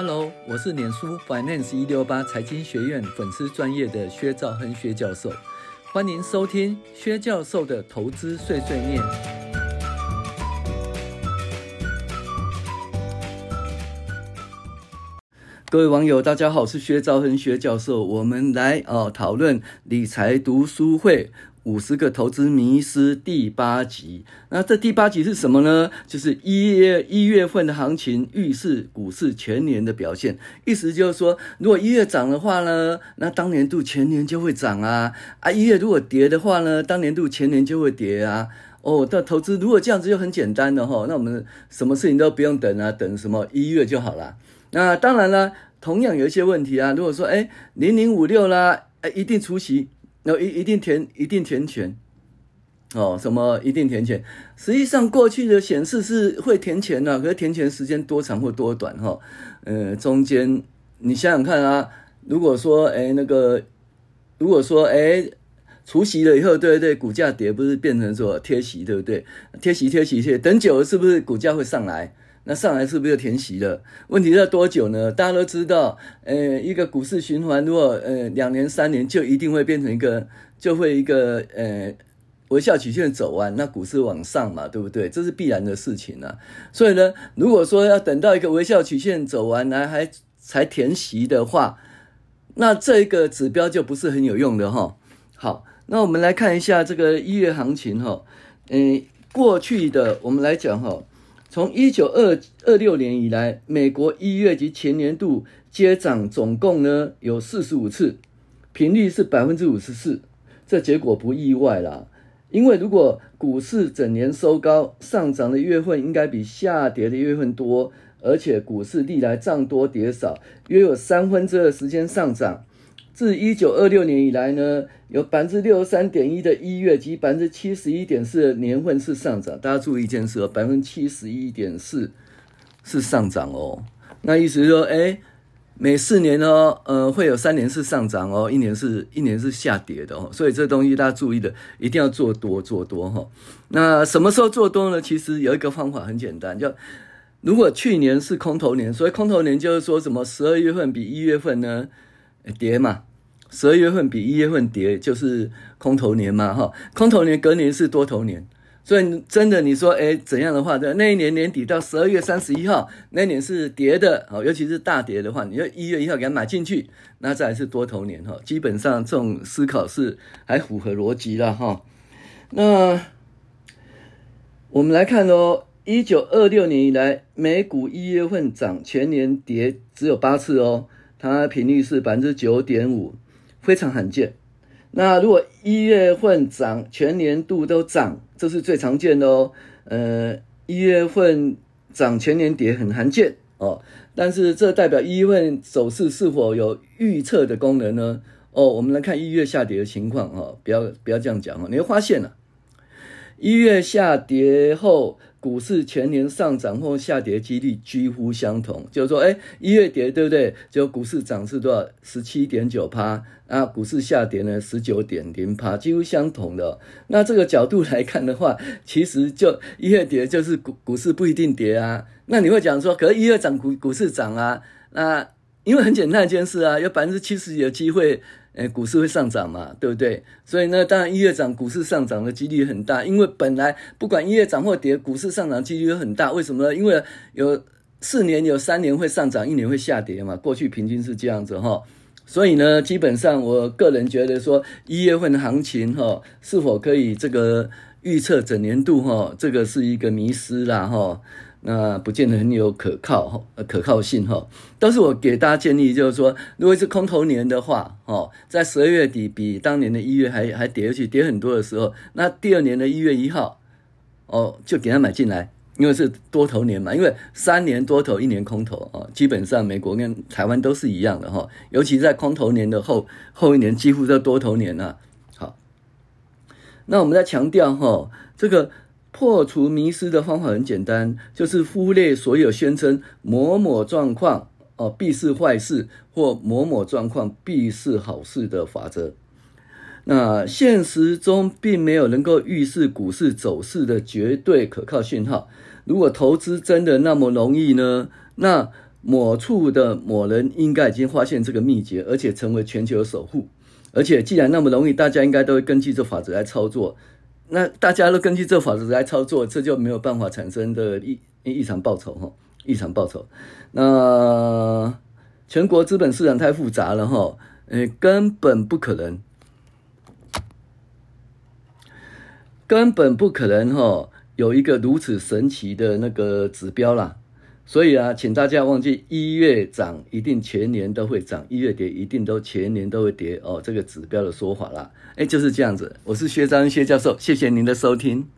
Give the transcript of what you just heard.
Hello，我是臉書 Finance 一六八財經學院粉絲專業的薛兆亨薛教授，歡迎收聽薛教授的投資碎碎念。各位網友，大家好，我是薛兆亨薛教授，我們來哦討論理財讀書會。五十個投資迷思第八集，那這第八集是什麼呢？就是一月一月份的行情預示股市全年的表現。意思就是說，如果一月漲的話呢，那當年度全年就會漲啊啊！一月如果跌的話呢，當年度全年就會跌啊。哦，那投資如果這樣子就很簡單了齁。那我們什麼事情都不用等啊，等什麼一月就好了。那當然啦，同樣有一些問題啊。如果說哎，零零五六啦，哎，一定出席。要一、哦、一定填一定填權哦，什麼一定填權？實際上過去的顯示是會填權吶、啊，可是填權時間多長或多短哦？哈，呃，中間你想想看啊，如果說誒、欸、那個，如果說誒、欸、除息了以後，對對對，股價跌不是變成說貼息，對不對？貼息貼息貼，等久了是不是股價會上來？那上來是不是就填息了？問題在要多久呢？大家都知道，呃，一個股市循環，如果呃兩年三年，就一定會變成一個，就會一個呃微笑曲線走完，那股市往上嘛，對不對？這是必然的事情啊。所以呢，如果說要等到一個微笑曲線走完來還才填息的話，那這個指標就不是很有用的哈。好，那我們來看一下這個一月行情哈，嗯、呃，過去的我們來講哈。從一九二六年以來，美國一月及全年度接漲，總共呢有四十五次，頻率是百分之五十四。這結果不意外啦，因為如果股市整年收高，上漲的月份應該比下跌的月份多，而且股市歷來漲多跌少，約有三分之二時間上漲。自一九二六年以來呢，有百分之六十三點一的一月及百分之七十一點四的年份是上漲。大家注意一件事哦，百分之七十一點四是上漲哦。那意思是說，哎，每四年哦，呃，會有三年是上漲哦，一年是一年是下跌的哦。所以這東西大家注意的，一定要做多做多哈哦。那什麼時候做多呢？其實有一個方法很簡單，就如果去年是空頭年，所以空頭年就是說什麼十二月份比一月份呢，跌嘛。十二月份比一月份跌，就是空頭年嘛，哈，空頭年隔年是多頭年，所以真的你說，哎，怎樣的話那一年年底到十二月三十一號，那一年是跌的，尤其是大跌的話，你要一月一號給它買進去，那再來是多頭年，哈，基本上這種思考是還符合邏輯了，哈。那我們來看哦，一九二六年以來，美股一月份漲全年跌只有八次哦，它頻率是百分之九點五。非常罕見。那如果一月份漲，全年度都漲，這是最常見的哦。呃，一月份漲，全年跌很罕見哦。但是這代表一月份走勢是否有預測的功能呢？哦，我們來看一月下跌的情況哦，不要不要這樣講哦。你會發現呢，啊，一月下跌後。股市全年上漲或下跌幾率幾乎相同，就是說，誒、欸、一月跌，對不對？就股市漲是多少，十七點九趴啊，股市下跌呢，十九點零趴，幾乎相同的。那這個角度來看的話，其實就一月跌，就是股股市不一定跌啊。那你會講說，可是一月漲股股市漲啊？那因為很簡單一件事啊，有百分之七十幾的機會。哎、欸，股市會上漲嘛，對不對？所以呢，當然一月漲，股市上漲的幾率很大，因為本來不管一月漲或跌，股市上漲的幾率很大。為什麼呢？因為有四年有三年會上漲，一年會下跌嘛，過去平均是這樣子哈、哦。所以呢，基本上我個人覺得說，一月份的行情哈、哦，是否可以這個預測整年度哈、哦，這個是一個迷思啦哈。那不見得很有可靠，可靠性哈。但是我給大家建議，就是說，如果是空頭年的話，哦，在十二月底比當年的一月還還跌下去，跌很多的時候，那第二年的一月一號，哦，就給他買進來，因為是多頭年嘛。因為三年多頭，一年空頭啊，基本上美國跟台灣都是一樣的哈。尤其在空頭年的後後一年，幾乎都多頭年啊。好，那我們再強調哈，這個。破除迷思的方法很簡單，就是忽略所有宣稱“某某狀況哦必是壞事”或“某某狀況必是好事”的法則。那現實中並沒有能夠預示股市走勢的絕對可靠訊號。如果投資真的那麼容易呢？那某處的某人應該已經發現這個秘訣，而且成為全球首富。而且既然那麼容易，大家應該都會根據這法則來操作。那大家都根據這法則來操作，這就沒有辦法產生的異異常報酬哈，異常報酬。那全國資本市場太複雜了哈，根本不可能，根本不可能哈，有一個如此神奇的那個指標啦。所以啊，請大家忘記一月漲一定全年都會漲，一月跌一定都全年都會跌哦，這個指標的說法啦。哎，就是這樣子。我是薛章薛教授，謝謝您的收聽。